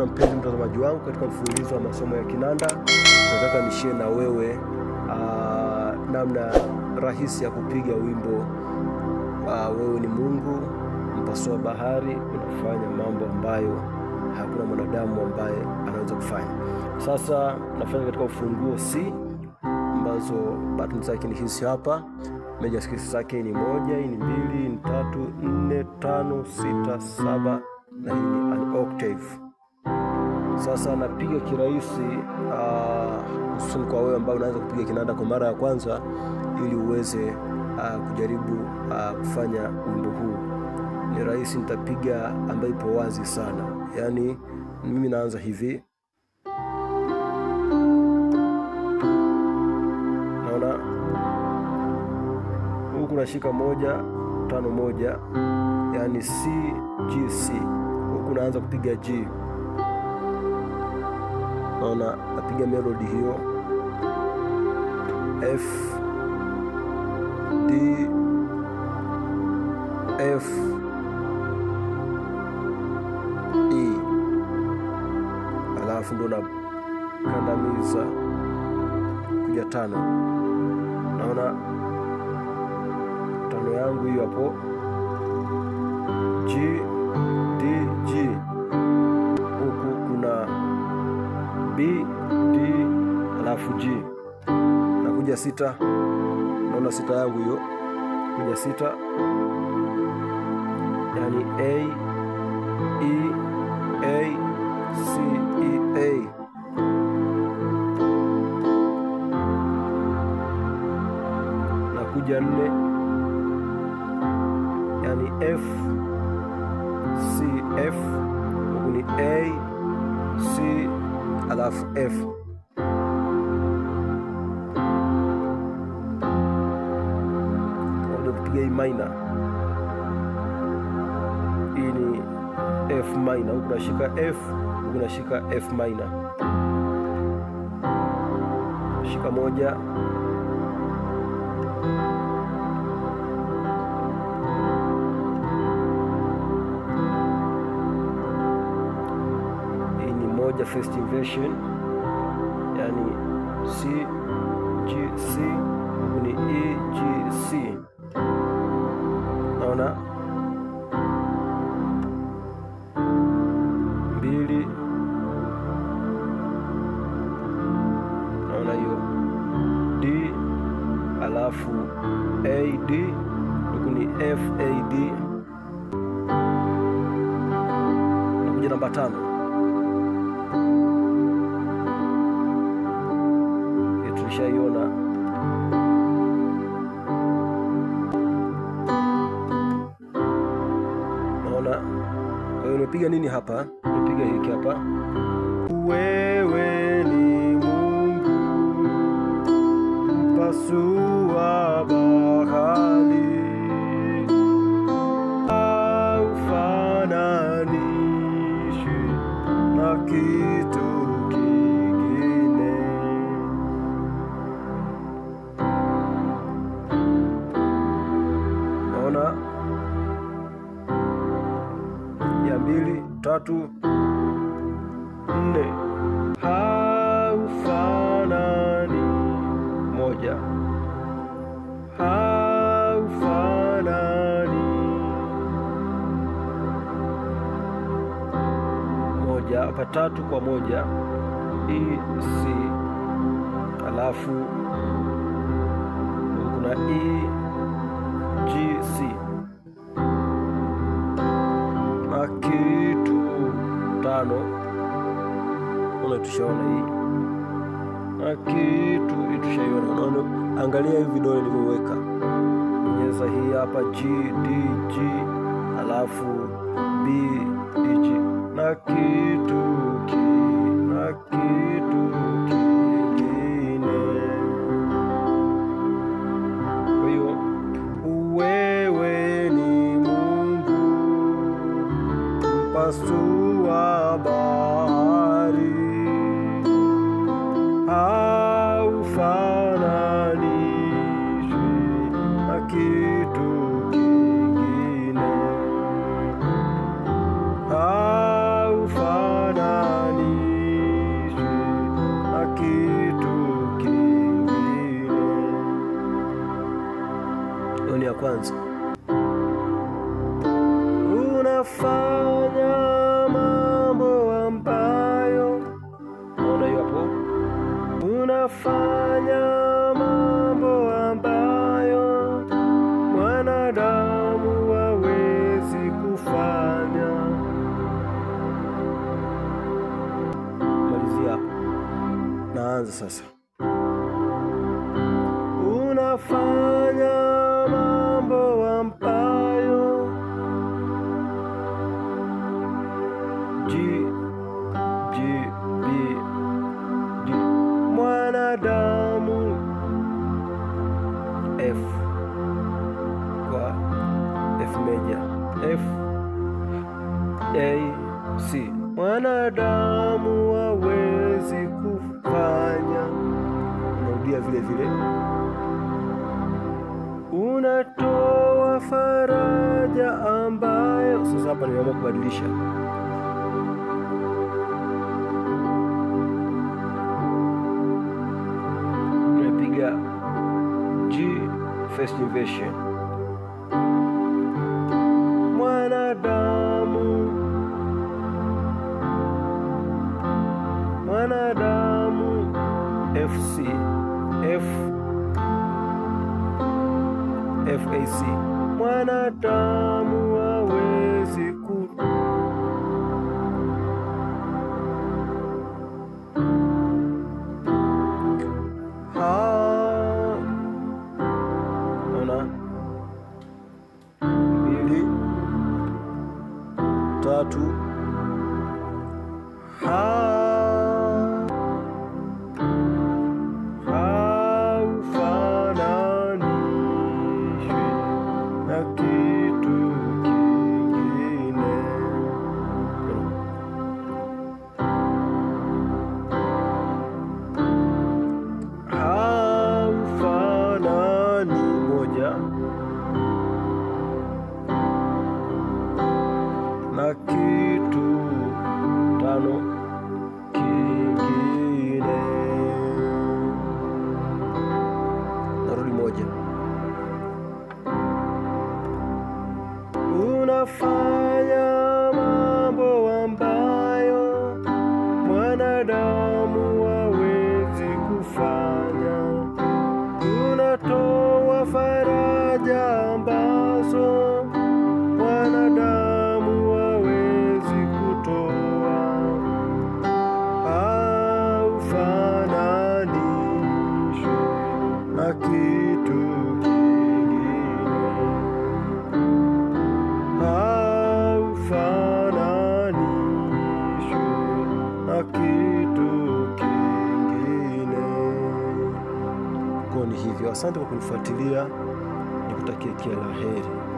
na mpenzi mtazamaji wangu katika mfululizo wa masomo ya kinanda. Nataka nishie na wewe uh, namna rahisi ya kupiga wimbo aa, ah, wewe ni Mungu, mpasua bahari. Unafanya mambo ambayo hakuna mwanadamu ambaye anaweza kufanya. Sasa nafanya katika ufunguo C ambazo button zake ni hizi hapa. Meja skisi zake ni moja, ni mbili, ni tatu, nne, tano, sita, saba na hii ni an octave. Sasa napiga kirahisi, hususan ah, kwa wewe ambao unaanza kupiga kinanda kwa mara ya kwanza, ili uweze uh, kujaribu uh, kufanya wimbo huu. Ni rahisi, nitapiga ambayo ipo wazi sana, yaani mimi naanza hivi, naona huku nashika moja tano moja, yani C G C, huku naanza kupiga G naona napiga melodi hiyo F D F E, alafu ndo nakandamiza kuja tano. Naona tano yangu hiyo hapo G kuja sita, naona sita yangu hiyo, kuja sita, yani A E A C E A na kuja nne, yani F C F, huku ni A C alafu F. tunapiga E minor, hii ni F minor, huku nashika F, huku nashika F minor, shika moja e moja first inversion, yani C G C, ni E G namba tano. tulishaiona. Naona kwa hiyo nimepiga nini hapa? Nimepiga hiki hapa, wewe ni Mungu mpasua bahari kitu kingine. Naona ya mbili, tatu, nne haufanani moja tatu kwa moja e, c alafu kuna e, C na kitu tano una tushaona hii na kitu itushaiona. Unaona, angalia hii vidole nilivyoweka, nyeza hii hapa G D G alafu B D G na kitu sua bari au fananishi na kitu kingine au fananishi na kitu kingine. Hiyo ni ya kwanza. Ninafanya mambo ambayo mwanadamu hawezi kufanya. Malizia naanza sasa. Unafanya F kwa F meja F A C. Mwanadamu hawezi kufanya, unarudia vile vile, unatoa faraja ambayo sasa, hapa nimeamua kubadilisha festivation. Mwanadamu, mwanadamu, FC, F, FAC, mwanadamu. yourself. Asante kwa kunifuatilia, nikutakie kila la heri.